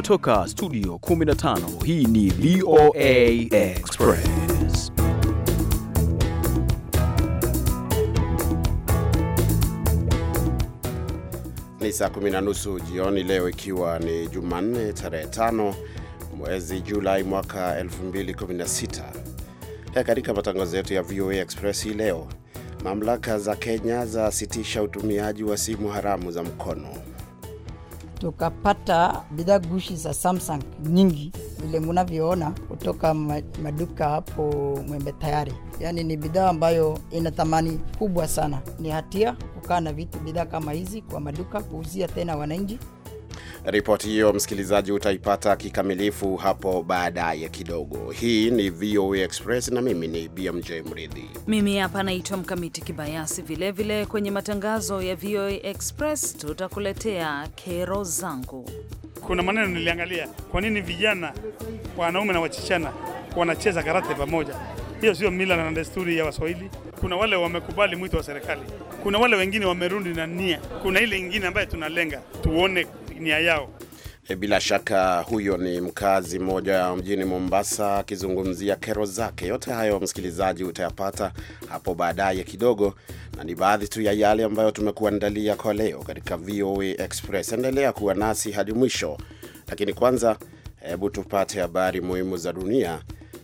kutoka studio 15 hii ni VOA Express ni saa kumi na nusu jioni leo ikiwa ni Jumanne tarehe 5 mwezi Julai mwaka 2016 katika matangazo yetu ya VOA Express hii leo mamlaka za Kenya zasitisha utumiaji wa simu haramu za mkono tukapata bidhaa gushi za Samsung nyingi vile mnavyoona kutoka maduka hapo Mwembe Tayari. Yaani ni bidhaa ambayo ina thamani kubwa sana. Ni hatia kukaa na vitu bidhaa kama hizi kwa maduka kuuzia tena wananchi. Ripoti hiyo msikilizaji, utaipata kikamilifu hapo baadaye kidogo. Hii ni VOA Express na mimi ni BMJ Mridhi. Mimi hapa naitwa Mkamiti Kibayasi. Vilevile kwenye matangazo ya VOA Express tutakuletea kero zangu. Kuna maneno niliangalia, kwa nini vijana wanaume na wachichana wanacheza karate pamoja? Hiyo sio mila na desturi ya Waswahili. Kuna wale wamekubali mwito wa serikali, kuna wale wengine wamerudi na nia, kuna ile ingine ambayo tunalenga tuone nia yao. E, bila shaka huyo ni mkazi mmoja mjini Mombasa akizungumzia kero zake. Yote hayo msikilizaji, utayapata hapo baadaye kidogo, na ni baadhi tu ya yale ambayo tumekuandalia kwa leo katika VOA Express. Endelea kuwa nasi hadi mwisho, lakini kwanza, hebu tupate habari muhimu za dunia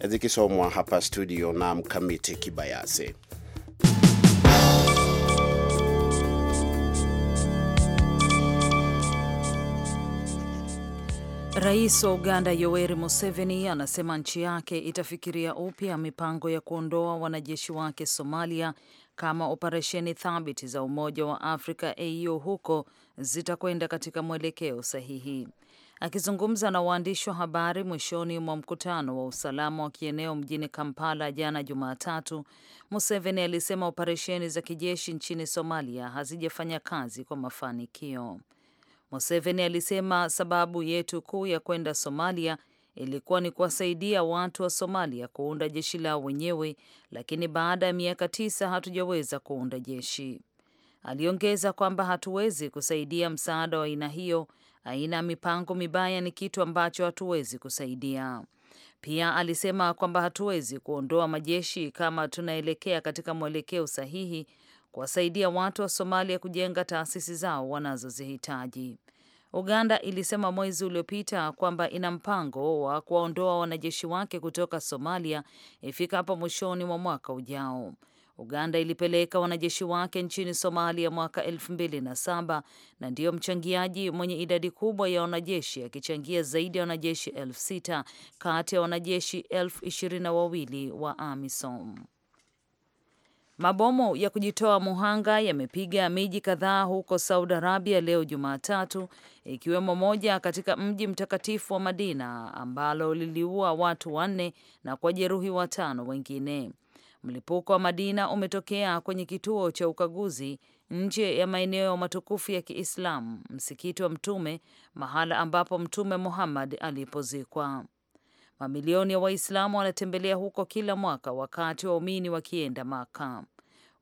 zikisomwa hapa studio na Mkamiti Kibayasi. Rais wa Uganda Yoweri Museveni anasema nchi yake itafikiria upya mipango ya kuondoa wanajeshi wake Somalia kama operesheni thabiti za Umoja wa Afrika AU huko zitakwenda katika mwelekeo sahihi. Akizungumza na waandishi wa habari mwishoni mwa mkutano wa usalama wa kieneo mjini Kampala jana Jumatatu, Museveni alisema operesheni za kijeshi nchini Somalia hazijafanya kazi kwa mafanikio. Museveni alisema sababu yetu kuu ya kwenda Somalia ilikuwa ni kuwasaidia watu wa Somalia kuunda jeshi lao wenyewe, lakini baada ya miaka tisa hatujaweza kuunda jeshi. Aliongeza kwamba hatuwezi kusaidia msaada wa aina hiyo. Aina ya mipango mibaya ni kitu ambacho hatuwezi kusaidia. Pia alisema kwamba hatuwezi kuondoa majeshi kama tunaelekea katika mwelekeo sahihi kuwasaidia watu wa Somalia kujenga taasisi zao wanazozihitaji. Uganda ilisema mwezi uliopita kwamba ina mpango wa kuwaondoa wanajeshi wake kutoka Somalia ifikapo mwishoni mwa mwaka ujao. Uganda ilipeleka wanajeshi wake nchini Somalia mwaka elfu mbili na saba na ndiyo mchangiaji mwenye idadi kubwa ya wanajeshi akichangia zaidi ya wanajeshi elfu sita kati ya wanajeshi elfu ishirini na wawili wa AMISOM. Mabomu ya kujitoa muhanga yamepiga miji kadhaa huko Saudi Arabia leo Jumatatu, ikiwemo moja katika mji mtakatifu wa Madina ambalo liliua watu wanne na kujeruhi watano wengine. Mlipuko wa Madina umetokea kwenye kituo cha ukaguzi nje ya maeneo matukufu ya Kiislamu, msikiti wa Mtume, mahala ambapo Mtume Muhammad alipozikwa. Mamilioni ya Waislamu wanatembelea huko kila mwaka, wakati waumini wakienda Maka.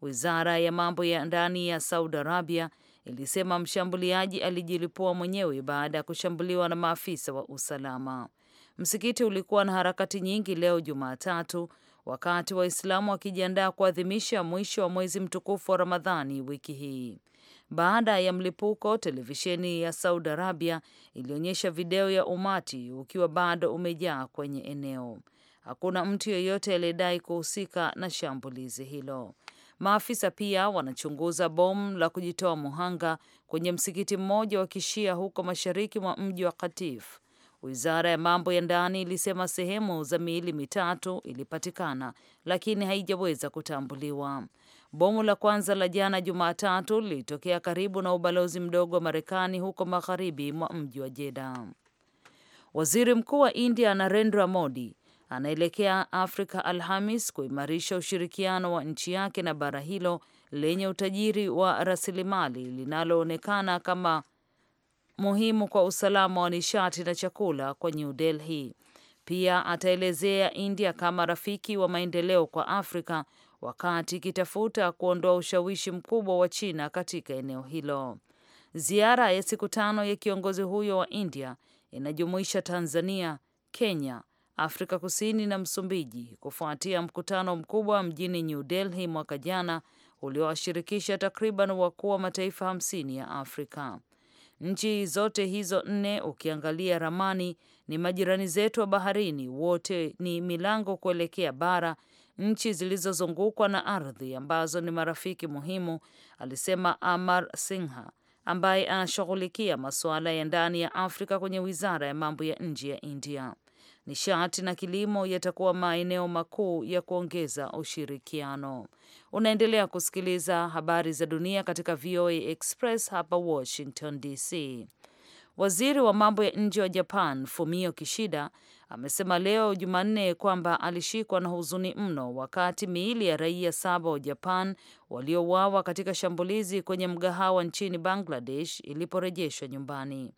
Wizara ya mambo ya ndani ya Saudi Arabia ilisema mshambuliaji alijilipua mwenyewe baada ya kushambuliwa na maafisa wa usalama. Msikiti ulikuwa na harakati nyingi leo Jumatatu, wakati Waislamu wakijiandaa kuadhimisha mwisho wa mwezi mtukufu wa Ramadhani wiki hii baada ya mlipuko. Televisheni ya Saudi Arabia ilionyesha video ya umati ukiwa bado umejaa kwenye eneo. Hakuna mtu yeyote aliyedai kuhusika na shambulizi hilo. Maafisa pia wanachunguza bomu la kujitoa muhanga kwenye msikiti mmoja wa kishia huko mashariki mwa mji wa Katif. Wizara ya mambo ya ndani ilisema sehemu za miili mitatu ilipatikana, lakini haijaweza kutambuliwa. Bomu la kwanza la jana Jumatatu lilitokea karibu na ubalozi mdogo wa Marekani huko magharibi mwa mji wa Jeddah. Waziri Mkuu wa India Narendra Modi anaelekea Afrika Alhamis kuimarisha ushirikiano wa nchi yake na bara hilo lenye utajiri wa rasilimali linaloonekana kama muhimu kwa usalama wa nishati na chakula kwa New Delhi. Pia ataelezea India kama rafiki wa maendeleo kwa Afrika wakati ikitafuta kuondoa ushawishi mkubwa wa China katika eneo hilo. Ziara ya siku tano ya kiongozi huyo wa India inajumuisha Tanzania, Kenya, Afrika Kusini na Msumbiji kufuatia mkutano mkubwa mjini New Delhi mwaka jana uliowashirikisha takriban wakuu wa mataifa hamsini ya Afrika. Nchi zote hizo nne, ukiangalia ramani, ni majirani zetu wa baharini, wote ni milango kuelekea bara nchi zilizozungukwa na ardhi ambazo ni marafiki muhimu, alisema Amar Singha ambaye anashughulikia masuala ya ndani ya Afrika kwenye wizara ya mambo ya nje ya India. Nishati na kilimo yatakuwa maeneo makuu ya kuongeza ushirikiano. Unaendelea kusikiliza habari za dunia katika VOA Express hapa Washington DC. Waziri wa mambo ya nje wa Japan Fumio Kishida amesema leo Jumanne kwamba alishikwa na huzuni mno wakati miili ya raia saba wa Japan waliouawa katika shambulizi kwenye mgahawa nchini Bangladesh iliporejeshwa nyumbani.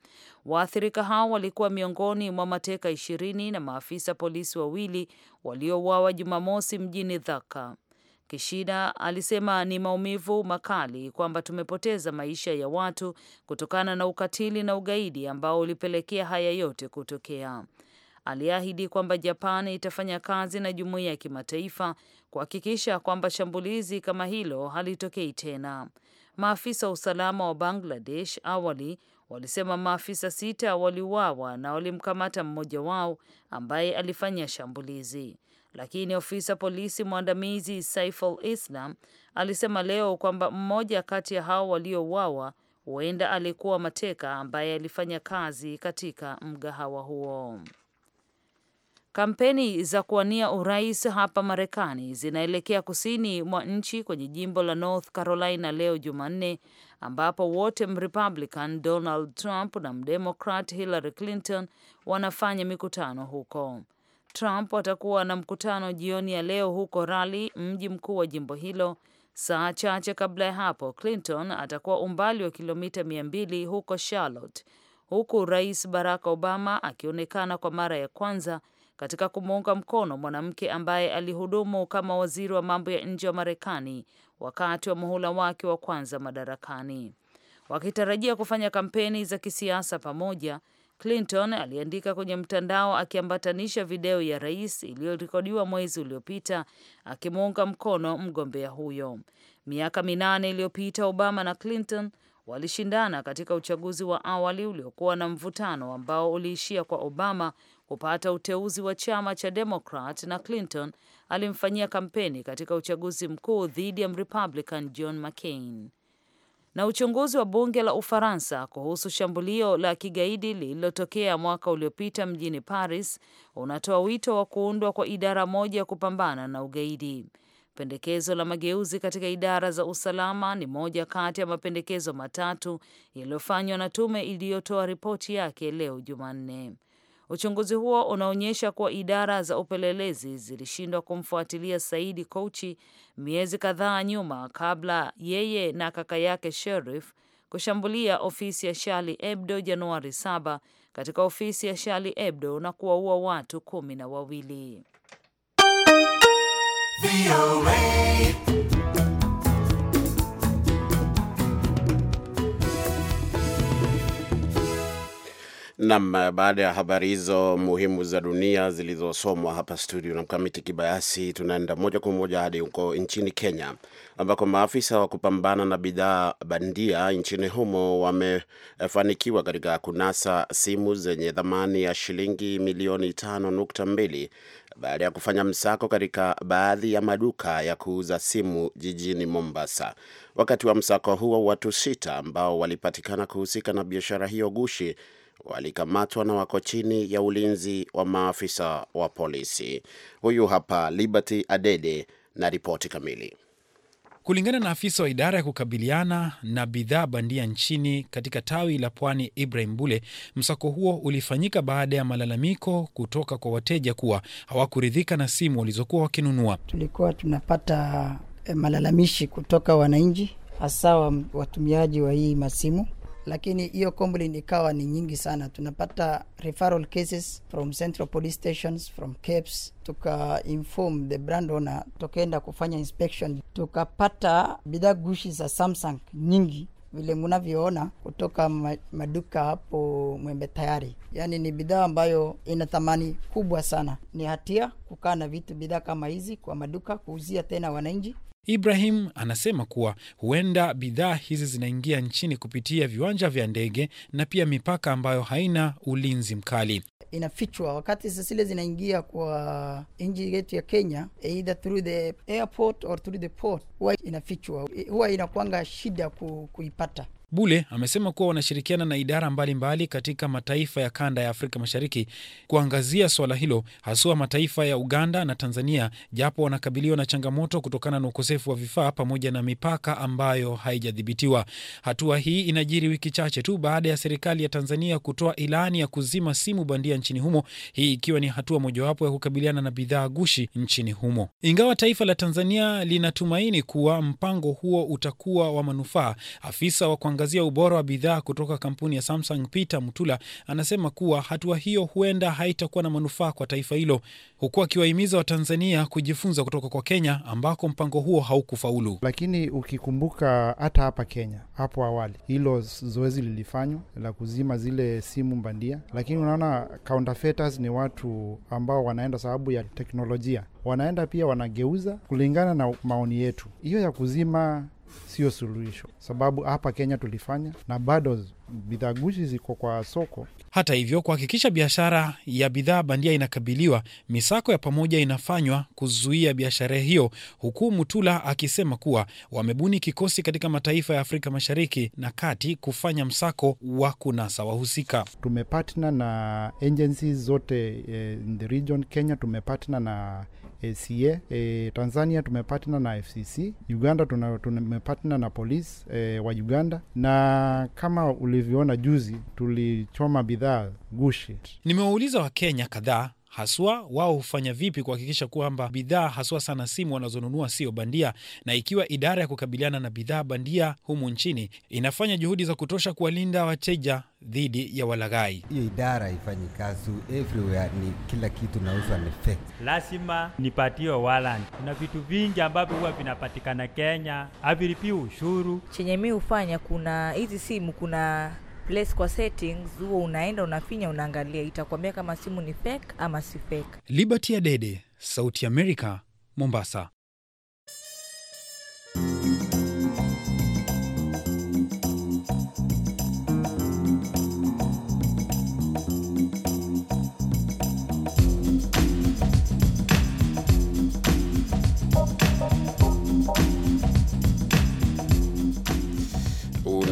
Waathirika hao walikuwa miongoni mwa mateka ishirini na maafisa polisi wawili waliouawa Jumamosi mjini Dhaka. Kishida alisema ni maumivu makali kwamba tumepoteza maisha ya watu kutokana na ukatili na ugaidi ambao ulipelekea haya yote kutokea aliahidi kwamba Japan itafanya kazi na jumuiya ya kimataifa kuhakikisha kwamba shambulizi kama hilo halitokei tena. Maafisa wa usalama wa Bangladesh awali walisema maafisa sita waliuawa na walimkamata mmoja wao ambaye alifanya shambulizi, lakini ofisa polisi mwandamizi Saiful Islam alisema leo kwamba mmoja kati ya hao waliouawa huenda alikuwa mateka ambaye alifanya kazi katika mgahawa huo. Kampeni za kuwania urais hapa Marekani zinaelekea kusini mwa nchi kwenye jimbo la North Carolina leo Jumanne, ambapo wote Mrepublican Donald Trump na Mdemokrat Hillary Clinton wanafanya mikutano huko. Trump atakuwa na mkutano jioni ya leo huko Raleigh, mji mkuu wa jimbo hilo. Saa chache kabla ya hapo, Clinton atakuwa umbali wa kilomita mia mbili huko Charlotte, huku Rais Barack Obama akionekana kwa mara ya kwanza katika kumuunga mkono mwanamke ambaye alihudumu kama waziri wa mambo ya nje wa Marekani wakati wa muhula wake wa kwanza madarakani. Wakitarajia kufanya kampeni za kisiasa pamoja, Clinton aliandika kwenye mtandao akiambatanisha video ya rais iliyorekodiwa mwezi uliopita akimuunga mkono mgombea huyo. Miaka minane iliyopita, Obama na Clinton walishindana katika uchaguzi wa awali uliokuwa na mvutano ambao uliishia kwa Obama kupata uteuzi wa chama cha Demokrat na Clinton alimfanyia kampeni katika uchaguzi mkuu dhidi ya Mrepublican John McCain. Na uchunguzi wa bunge la Ufaransa kuhusu shambulio la kigaidi lililotokea mwaka uliopita mjini Paris unatoa wito wa kuundwa kwa idara moja ya kupambana na ugaidi. Pendekezo la mageuzi katika idara za usalama ni moja kati ya mapendekezo matatu yaliyofanywa na tume iliyotoa ripoti yake leo Jumanne. Uchunguzi huo unaonyesha kuwa idara za upelelezi zilishindwa kumfuatilia Saidi Kochi miezi kadhaa nyuma kabla yeye na kaka yake Sherif kushambulia ofisi ya Charlie Hebdo Januari 7 katika ofisi ya Charlie Hebdo na kuwaua watu kumi na wawili. Nam, baada ya habari hizo muhimu za dunia zilizosomwa hapa studio na Mkamiti Kibayasi, tunaenda moja kwa moja hadi huko nchini Kenya ambako maafisa wa kupambana na bidhaa bandia nchini humo wamefanikiwa katika kunasa simu zenye thamani ya shilingi milioni tano nukta mbili baada ya kufanya msako katika baadhi ya maduka ya kuuza simu jijini Mombasa. Wakati wa msako huo, watu sita ambao walipatikana kuhusika na biashara hiyo gushi walikamatwa na wako chini ya ulinzi wa maafisa wa polisi. Huyu hapa Liberty Adede na ripoti kamili. Kulingana na afisa wa idara ya kukabiliana na bidhaa bandia nchini katika tawi la Pwani, Ibrahim Bule, msako huo ulifanyika baada ya malalamiko kutoka kwa wateja kuwa hawakuridhika na simu walizokuwa wakinunua. Tulikuwa tunapata eh, malalamishi kutoka wananchi, hasa watumiaji wa hii masimu lakini hiyo complaint ikawa ni nyingi sana. Tunapata referral cases from central police stations, from CAPS. Tuka inform the brand owner, tukaenda kufanya inspection, tukapata bidhaa gushi za Samsung nyingi vile mnavyoona kutoka maduka hapo Mwembe Tayari, yaani ni bidhaa ambayo ina thamani kubwa sana. Ni hatia kukaa na vitu bidhaa kama hizi kwa maduka kuuzia tena wananchi. Ibrahim anasema kuwa huenda bidhaa hizi zinaingia nchini kupitia viwanja vya ndege na pia mipaka ambayo haina ulinzi mkali inafichwa wakati zile zinaingia kwa nchi yetu ya Kenya, either through the airport or through the port, huwa inafichwa, huwa inakwanga shida kuipata. Bule amesema kuwa wanashirikiana na idara mbalimbali mbali katika mataifa ya kanda ya Afrika Mashariki kuangazia swala hilo, haswa mataifa ya Uganda na Tanzania, japo wanakabiliwa na changamoto kutokana na ukosefu wa vifaa pamoja na mipaka ambayo haijadhibitiwa. Hatua hii inajiri wiki chache tu baada ya serikali ya Tanzania kutoa ilani ya kuzima simu bandia nchini humo, hii ikiwa ni hatua mojawapo ya kukabiliana na bidhaa gushi nchini humo. Ingawa taifa la Tanzania linatumaini kuwa mpango huo utakuwa wa manufaa, afisa wa kuangazia ubora wa bidhaa kutoka kampuni ya Samsung, Peter Mutula anasema kuwa hatua hiyo huenda haitakuwa na manufaa kwa taifa hilo, huku akiwahimiza Watanzania kujifunza kutoka kwa Kenya ambako mpango huo haukufaulu. Lakini ukikumbuka hata hapa Kenya hapo awali hilo zoezi lilifanywa la kuzima zile simu bandia, lakini unaona counterfeiters ni watu ambao wanaenda sababu ya teknolojia, wanaenda pia wanageuza kulingana na maoni yetu. Hiyo ya kuzima sio suluhisho, sababu hapa Kenya tulifanya na bado bidhaa gushi ziko kwa soko. Hata hivyo, kuhakikisha biashara ya bidhaa bandia inakabiliwa, misako ya pamoja inafanywa kuzuia biashara hiyo, huku Mutula akisema kuwa wamebuni kikosi katika mataifa ya Afrika Mashariki na Kati kufanya msako wa kunasa wahusika. tumepatna na agencies zote eh, in the region. Kenya tumepatna na ACA. E, eh, Tanzania tumepartner na FCC. Uganda tumepartner na polisi e, eh, wa Uganda, na kama ulivyoona juzi tulichoma bidhaa gushi. Nimewauliza Wakenya kadhaa haswa wao hufanya vipi kuhakikisha kwamba bidhaa haswa sana simu wanazonunua sio bandia, na ikiwa idara ya kukabiliana na bidhaa bandia humu nchini inafanya juhudi za kutosha kuwalinda wateja dhidi ya walaghai. Hiyo idara ifanyi kazi everywhere, ni kila kitu nauzwa ni fe Lazima nipatie warrant. Kuna vitu vingi ambavyo huwa vinapatikana Kenya, aviripi ushuru. Chenye mi hufanya, kuna hizi simu, kuna place kwa settings, huo unaenda unafinya, unaangalia, itakwambia kama simu ni fake ama si fake. Liberty Adede, Sauti America, Mombasa.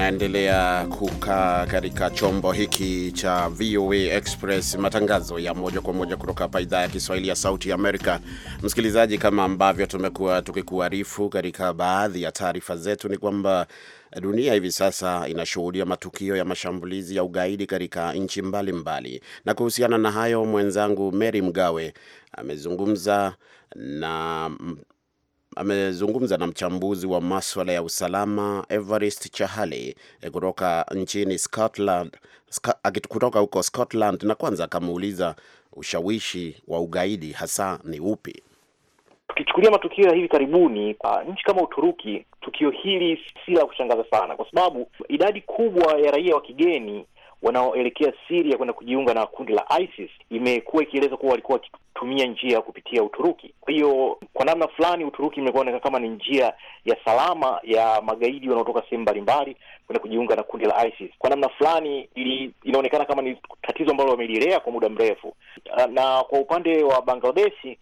unaendelea kukaa katika chombo hiki cha VOA Express, matangazo ya moja kwa moja kutoka hapa idhaa ya Kiswahili ya Sauti ya Amerika. Msikilizaji, kama ambavyo tumekuwa tukikuarifu katika baadhi ya taarifa zetu, ni kwamba dunia hivi sasa inashuhudia matukio ya mashambulizi ya ugaidi katika nchi mbalimbali, na kuhusiana na hayo, mwenzangu Mary Mgawe amezungumza na amezungumza na mchambuzi wa maswala ya usalama Everest Chahali eh, kutoka nchini Scotland, kutoka huko Scotland, na kwanza akamuuliza ushawishi wa ugaidi hasa ni upi? Tukichukulia matukio ya hivi karibuni uh, nchi kama Uturuki, tukio hili si la kushangaza sana, kwa sababu idadi kubwa ya raia wa kigeni wanaoelekea Siria kwenda kujiunga na kundi la ISIS, imekuwa ikieleza kuwa walikuwa wakitumia njia kupitia Uturuki. Kwa hiyo kwa namna fulani Uturuki imekuwa kama ni njia ya salama ya magaidi wanaotoka sehemu mbalimbali kwenda kujiunga na kundi la ISIS. Kwa namna fulani inaonekana kama ni tatizo ambalo wamelilea kwa muda mrefu. Na kwa upande wa Bangladeshi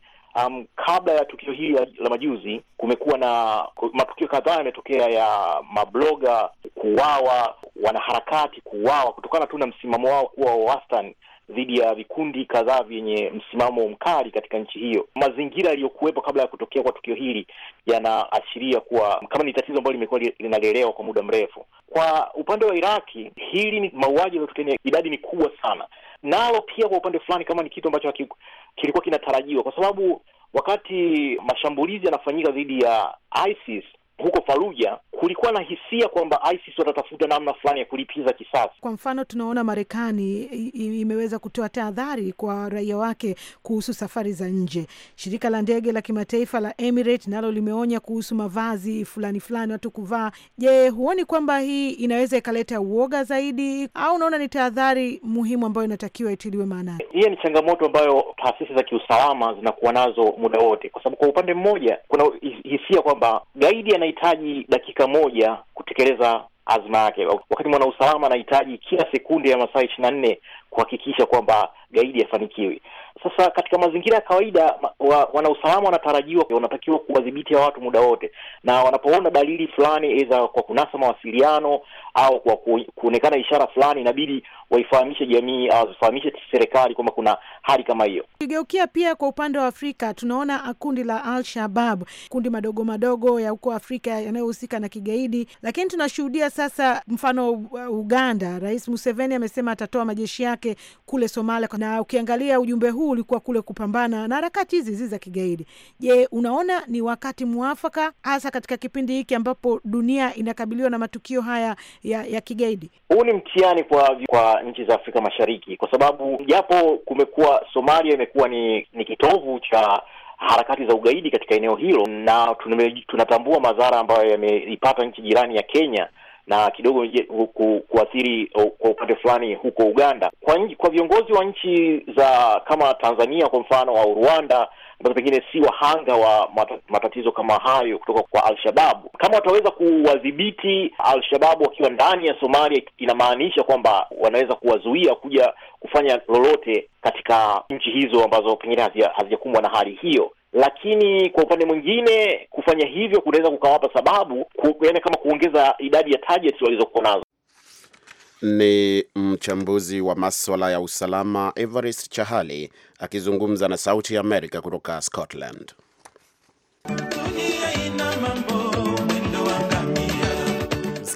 Um, kabla ya tukio hili la majuzi kumekuwa na matukio kadhaa yametokea ya mabloga kuwawa wanaharakati kuuawa kutokana tu na msimamo wao kuwa wa wastani dhidi ya vikundi kadhaa vyenye msimamo mkali katika nchi hiyo. Mazingira yaliyokuwepo kabla ya kutokea kwa tukio hili yanaashiria kuwa kama ni tatizo ambalo limekuwa linalelewa kwa muda mrefu. Kwa upande wa Iraki, hili ni mauaji yaliyotokea, idadi ni kubwa sana, nalo pia kwa upande fulani kama ni kitu ambacho kilikuwa kinatarajiwa, kwa sababu wakati mashambulizi yanafanyika dhidi ya ISIS huko faruja kulikuwa na hisia kwamba ISIS watatafuta namna fulani ya kulipiza kisasi. Kwa mfano, tunaona Marekani imeweza kutoa tahadhari kwa raia wake kuhusu safari za nje. Shirika la ndege la kimataifa la Emirates nalo limeonya kuhusu mavazi fulani fulani watu kuvaa. Je, huoni kwamba hii inaweza ikaleta uoga zaidi, au unaona ni tahadhari muhimu ambayo inatakiwa itiliwe maanani? Hiyo ni changamoto ambayo taasisi za kiusalama zinakuwa nazo muda wote, kwa sababu kwa upande mmoja kuna hisia kwamba gaidi ana anahitaji dakika moja kutekeleza azma yake, wakati mwanausalama anahitaji kila sekunde ya masaa ishiri na nne kuhakikisha kwamba gaidi hafanikiwi sasa katika mazingira ya kawaida wa, wanausalama wanatarajiwa wanatakiwa kuwadhibiti watu muda wote, na wanapoona dalili fulani, aidha kwa kunasa mawasiliano au kwa kuonekana ishara fulani, inabidi waifahamishe jamii awazifahamishe serikali kwamba kuna hali kama hiyo. Kigeukia pia kwa upande wa Afrika, tunaona kundi la Al Shabab, kundi madogo madogo ya huko Afrika yanayohusika na kigaidi, lakini tunashuhudia sasa, mfano uh, Uganda, Rais Museveni amesema atatoa majeshi yake kule Somalia, na ukiangalia ujumbe huu huu ulikuwa kule kupambana na harakati hizi hizi za kigaidi. Je, unaona ni wakati mwafaka hasa katika kipindi hiki ambapo dunia inakabiliwa na matukio haya ya, ya kigaidi? Huu ni mtihani kwa, kwa nchi za Afrika Mashariki kwa sababu japo kumekuwa Somalia imekuwa ni, ni kitovu cha harakati za ugaidi katika eneo hilo na tunatambua madhara ambayo yameipata nchi jirani ya Kenya na kidogo kuathiri kwa upande fulani huko Uganda. Kwa, nji, kwa viongozi wa nchi za kama Tanzania kwa mfano au Rwanda ambazo pengine si wahanga wa matatizo kama hayo kutoka kwa Alshababu, kama wataweza kuwadhibiti Alshababu wakiwa ndani ya Somalia, inamaanisha kwamba wanaweza kuwazuia kuja kufanya lolote katika nchi hizo ambazo pengine hazijakumbwa na hali hiyo lakini kwa upande mwingine kufanya hivyo kunaweza kukawapa sababu yani kama kuongeza idadi ya targets walizokuwa nazo. Ni mchambuzi wa maswala ya usalama evarist Chahali akizungumza na Sauti ya Amerika kutoka Scotland. Dunia ina mambo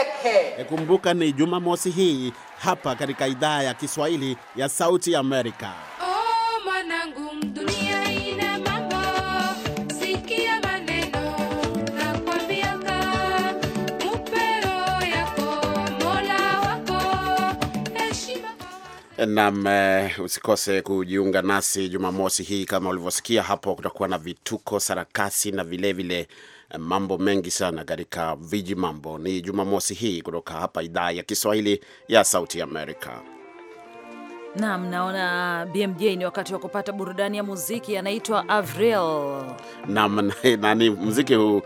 yake. Kumbuka ni Jumamosi hii hapa katika idhaa ya Kiswahili ya Sauti Amerika. Oh, usikose kujiunga nasi Jumamosi hii kama ulivyosikia hapo, kutakuwa na vituko, sarakasi na vilevile vile mambo mengi sana katika viji mambo. Ni Jumamosi hii kutoka hapa idhaa ya Kiswahili ya Sauti Amerika. Naam, naona BMJ ni wakati wa kupata burudani ya muziki, anaitwa Avril. Naam, na ni muziki huu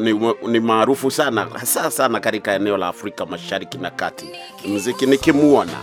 ni, ni maarufu sana hasa sana katika eneo la Afrika Mashariki na Kati. Muziki nikimwona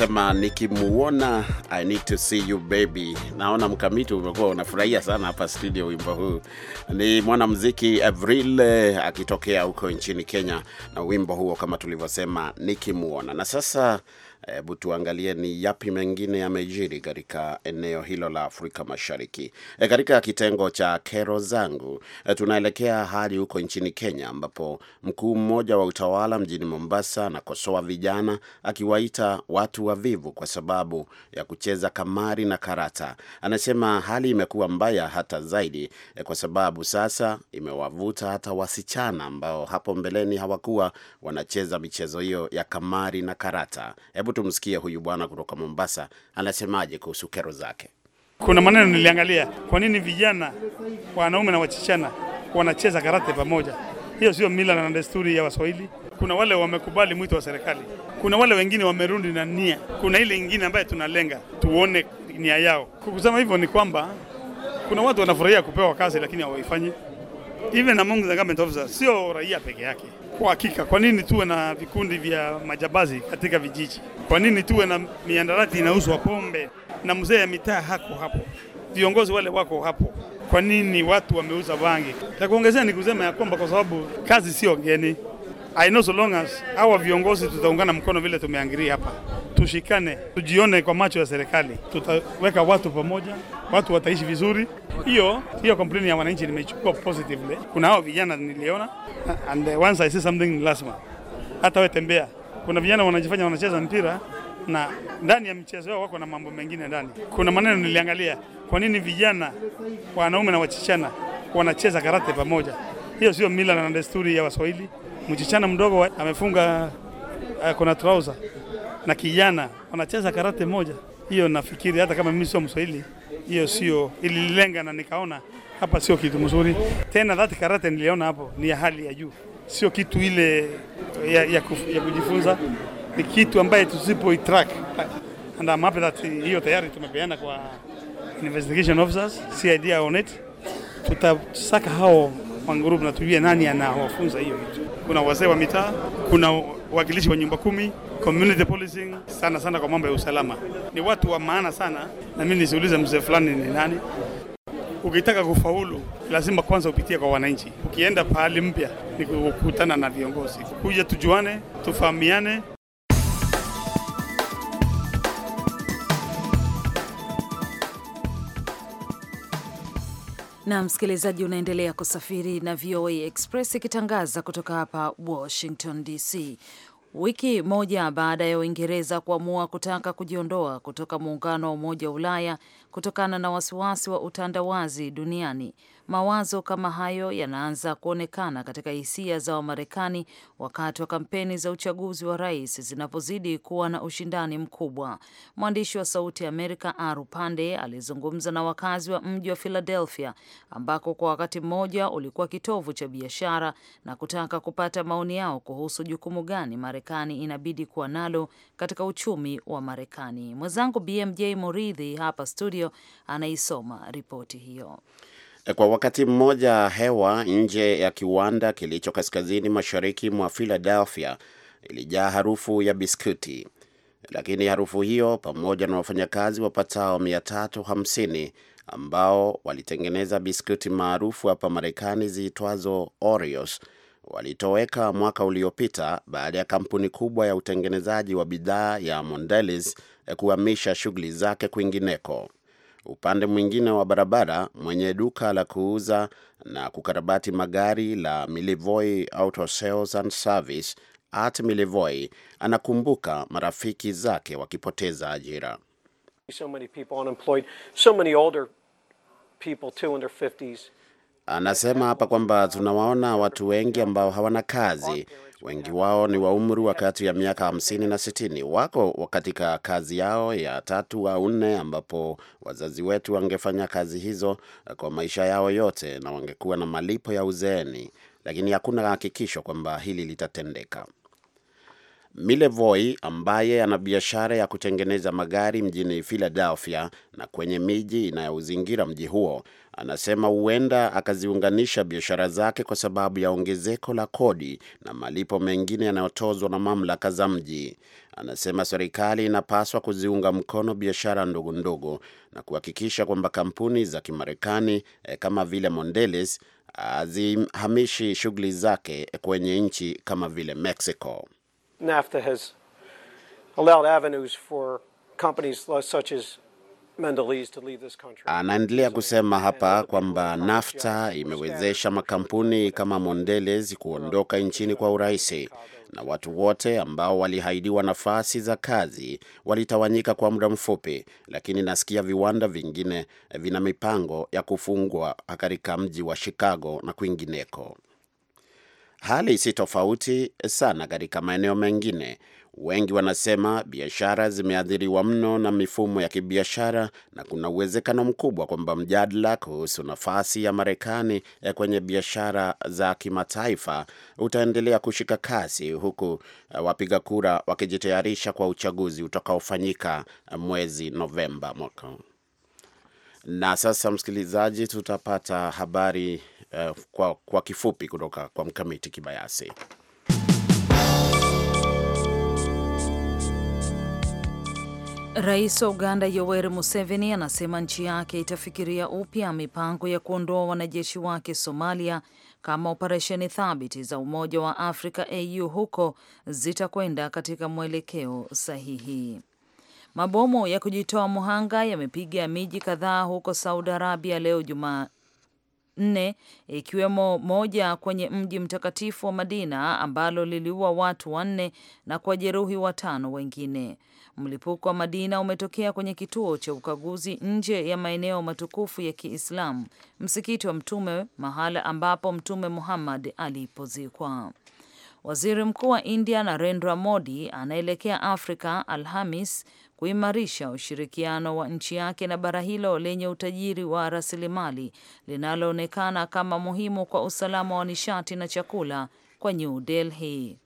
anasema nikimuona I need to see you baby. Naona mkamiti umekuwa unafurahia sana hapa studio wimbo huu. Ni mwanamuziki Avril eh, akitokea huko nchini Kenya na wimbo huo kama tulivyosema nikimuona. Na sasa Hebu tuangalie ni yapi mengine yamejiri katika eneo hilo la Afrika Mashariki. E, katika kitengo cha kero zangu e, tunaelekea hadi huko nchini Kenya ambapo mkuu mmoja wa utawala mjini Mombasa anakosoa vijana akiwaita watu wavivu kwa sababu ya kucheza kamari na karata. Anasema hali imekuwa mbaya hata zaidi e, kwa sababu sasa imewavuta hata wasichana ambao hapo mbeleni hawakuwa wanacheza michezo hiyo ya kamari na karata. Hebu tumsikie huyu bwana kutoka Mombasa anasemaje kuhusu kero zake. Kuna maneno niliangalia, kwa nini vijana wanaume na wachichana wanacheza karate pamoja? Hiyo sio mila na desturi ya Waswahili. Kuna wale wamekubali mwito wa serikali, kuna wale wengine wamerudi na nia, kuna ile ingine ambayo tunalenga tuone nia yao. Kukusema hivyo ni kwamba kuna watu wanafurahia kupewa kazi lakini hawaifanyi even among the government officers, sio raia peke yake. Kwa hakika, kwa nini tuwe na vikundi vya majambazi katika vijiji? Kwa nini tuwe na miandarati inauzwa pombe na mzee ya mitaa hako hapo, viongozi wale wako hapo? Kwa nini watu wameuza bangi? Takuongezea ni kusema ya kwamba kwa sababu kazi sio geni. I know so long as hawa viongozi tutaungana mkono vile tumeangiria hapa, tushikane, tujione kwa macho ya serikali, tutaweka watu pamoja, watu wataishi vizuri. Hiyo hiyo complaint ya wananchi nimechukua positively. Kuna hao vijana niliona, and once I see something lazima hata wewe tembea. Kuna vijana wanajifanya wanacheza mpira na ndani ya mchezo wao wako na mambo mengine ndani. Kuna maneno niliangalia, kwa nini vijana wanaume na wachichana wanacheza karate pamoja? Hiyo sio mila na desturi ya Waswahili mchichana mdogo amefunga uh, eh, kuna trouser na kijana wanacheza karate moja. Hiyo nafikiri hata kama mimi sio Mswahili, hiyo sio ililenga, na nikaona hapa sio kitu mzuri tena. That karate niliona hapo ni ya hali ya juu, sio kitu ile ya, ya, kuf, ya kujifunza. Ni kitu ambaye tusipo itrack and I'm happy that hiyo tayari tumepeana kwa investigation officers CID on it, tutasaka hao wangurubu na tujue nani anawafunza hiyo kitu kuna wazee wa mitaa, kuna wakilishi wa nyumba kumi, community policing, sana sana kwa mambo ya usalama. Ni watu wa maana sana, na mimi nisiulize mzee fulani ni nani. Ukitaka kufaulu lazima kwanza upitie kwa wananchi. Ukienda pahali mpya ni kukutana na viongozi, kuja tujuane, tufahamiane. na msikilizaji, unaendelea kusafiri na VOA Express ikitangaza kutoka hapa Washington DC. Wiki moja baada ya Uingereza kuamua kutaka kujiondoa kutoka muungano wa Umoja wa Ulaya kutokana na wasiwasi wa utandawazi duniani, Mawazo kama hayo yanaanza kuonekana katika hisia za Wamarekani wakati wa kampeni za uchaguzi wa rais zinapozidi kuwa na ushindani mkubwa. Mwandishi wa Sauti ya Amerika Aru Pande alizungumza na wakazi wa mji wa Philadelphia ambako kwa wakati mmoja ulikuwa kitovu cha biashara na kutaka kupata maoni yao kuhusu jukumu gani Marekani inabidi kuwa nalo katika uchumi wa Marekani. Mwenzangu BMJ Moridhi hapa studio anaisoma ripoti hiyo. Eh, kwa wakati mmoja, hewa nje ya kiwanda kilicho kaskazini mashariki mwa Philadelphia ilijaa harufu ya biskuti, lakini harufu hiyo pamoja na wafanyakazi wapatao 350 ambao walitengeneza biskuti maarufu hapa Marekani ziitwazo Oreos walitoweka mwaka uliopita baada ya kampuni kubwa ya utengenezaji wa bidhaa ya Mondelez eh, kuhamisha shughuli zake kwingineko. Upande mwingine wa barabara, mwenye duka la kuuza na kukarabati magari la Milivoi Auto Sales and Service at Milivoi anakumbuka marafiki zake wakipoteza ajira. So many people unemployed, so many older people too in their 50s. Anasema hapa kwamba tunawaona watu wengi ambao hawana kazi, Wengi wao ni wa umri wa kati ya miaka hamsini na sitini. Wako katika kazi yao ya tatu au nne, ambapo wazazi wetu wangefanya kazi hizo kwa maisha yao yote na wangekuwa na malipo ya uzeeni, lakini hakuna hakikisho kwamba hili litatendeka. Milevoi ambaye ana biashara ya kutengeneza magari mjini Philadelphia na kwenye miji inayouzingira mji huo anasema huenda akaziunganisha biashara zake kwa sababu ya ongezeko la kodi na malipo mengine yanayotozwa na mamlaka za mji. Anasema serikali inapaswa kuziunga mkono biashara ndogo ndogo na kuhakikisha kwamba kampuni za Kimarekani eh, kama vile Mondelez hazihamishi shughuli zake kwenye nchi kama vile Mexico. NAFTA has allowed avenues for companies such as Anaendelea kusema hapa kwamba NAFTA imewezesha makampuni kama Mondelez kuondoka nchini kwa urahisi na watu wote ambao walihaidiwa nafasi za kazi walitawanyika kwa muda mfupi, lakini nasikia viwanda vingine vina mipango ya kufungwa katika mji wa Chicago na kwingineko. Hali si tofauti sana katika maeneo mengine Wengi wanasema biashara zimeathiriwa mno na mifumo ya kibiashara na kuna uwezekano mkubwa kwamba mjadala kuhusu nafasi ya Marekani eh, kwenye biashara za kimataifa utaendelea kushika kasi huku eh, wapiga kura wakijitayarisha kwa uchaguzi utakaofanyika eh, mwezi Novemba mwaka. Na sasa, msikilizaji, tutapata habari eh, kwa, kwa kifupi kutoka kwa mkamiti Kibayasi. Rais wa Uganda Yoweri Museveni anasema nchi yake itafikiria upya mipango ya kuondoa wanajeshi wake Somalia kama operesheni thabiti za Umoja wa Afrika AU huko zitakwenda katika mwelekeo sahihi. Mabomu ya kujitoa muhanga yamepiga miji kadhaa huko Saudi Arabia leo Jumaa nne ikiwemo moja kwenye mji mtakatifu wa Madina ambalo liliua watu wanne na jeruhi watano wengine. Mlipuko wa Madina umetokea kwenye kituo cha ukaguzi nje ya maeneo matukufu ya Kiislamu, msikiti wa Mtume, mahala ambapo Mtume Muhammad alipozikwa. Waziri Mkuu wa India Narendra Modi anaelekea Afrika Alhamis kuimarisha ushirikiano wa nchi yake na bara hilo lenye utajiri wa rasilimali linaloonekana kama muhimu kwa usalama wa nishati na chakula kwa New Delhi.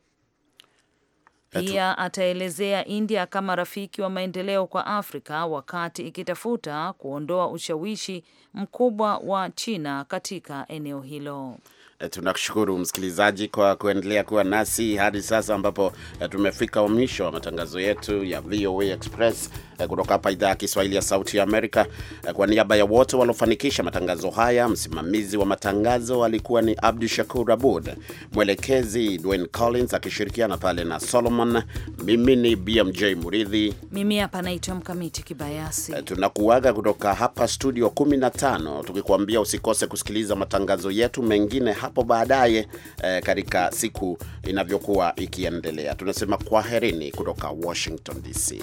Pia ataelezea India kama rafiki wa maendeleo kwa Afrika wakati ikitafuta kuondoa ushawishi mkubwa wa China katika eneo hilo. E, tunakushukuru msikilizaji kwa kuendelea kuwa nasi hadi sasa ambapo e, tumefika mwisho wa matangazo yetu ya VOA Express Eh, kutoka hapa idhaa ya Kiswahili ya Sauti ya Amerika. Eh, kwa niaba ya wote waliofanikisha matangazo haya, msimamizi wa matangazo alikuwa ni Abdu Shakur Abud, mwelekezi Dwayne Collins akishirikiana pale na Solomon. Mimi ni BMJ Muridhi, mimi hapa naitwa Mkamiti Kibayasi. Eh, tunakuaga kutoka hapa studio 15 tukikuambia usikose kusikiliza matangazo yetu mengine hapo baadaye, eh, katika siku inavyokuwa ikiendelea. Tunasema kwaherini kutoka Washington DC.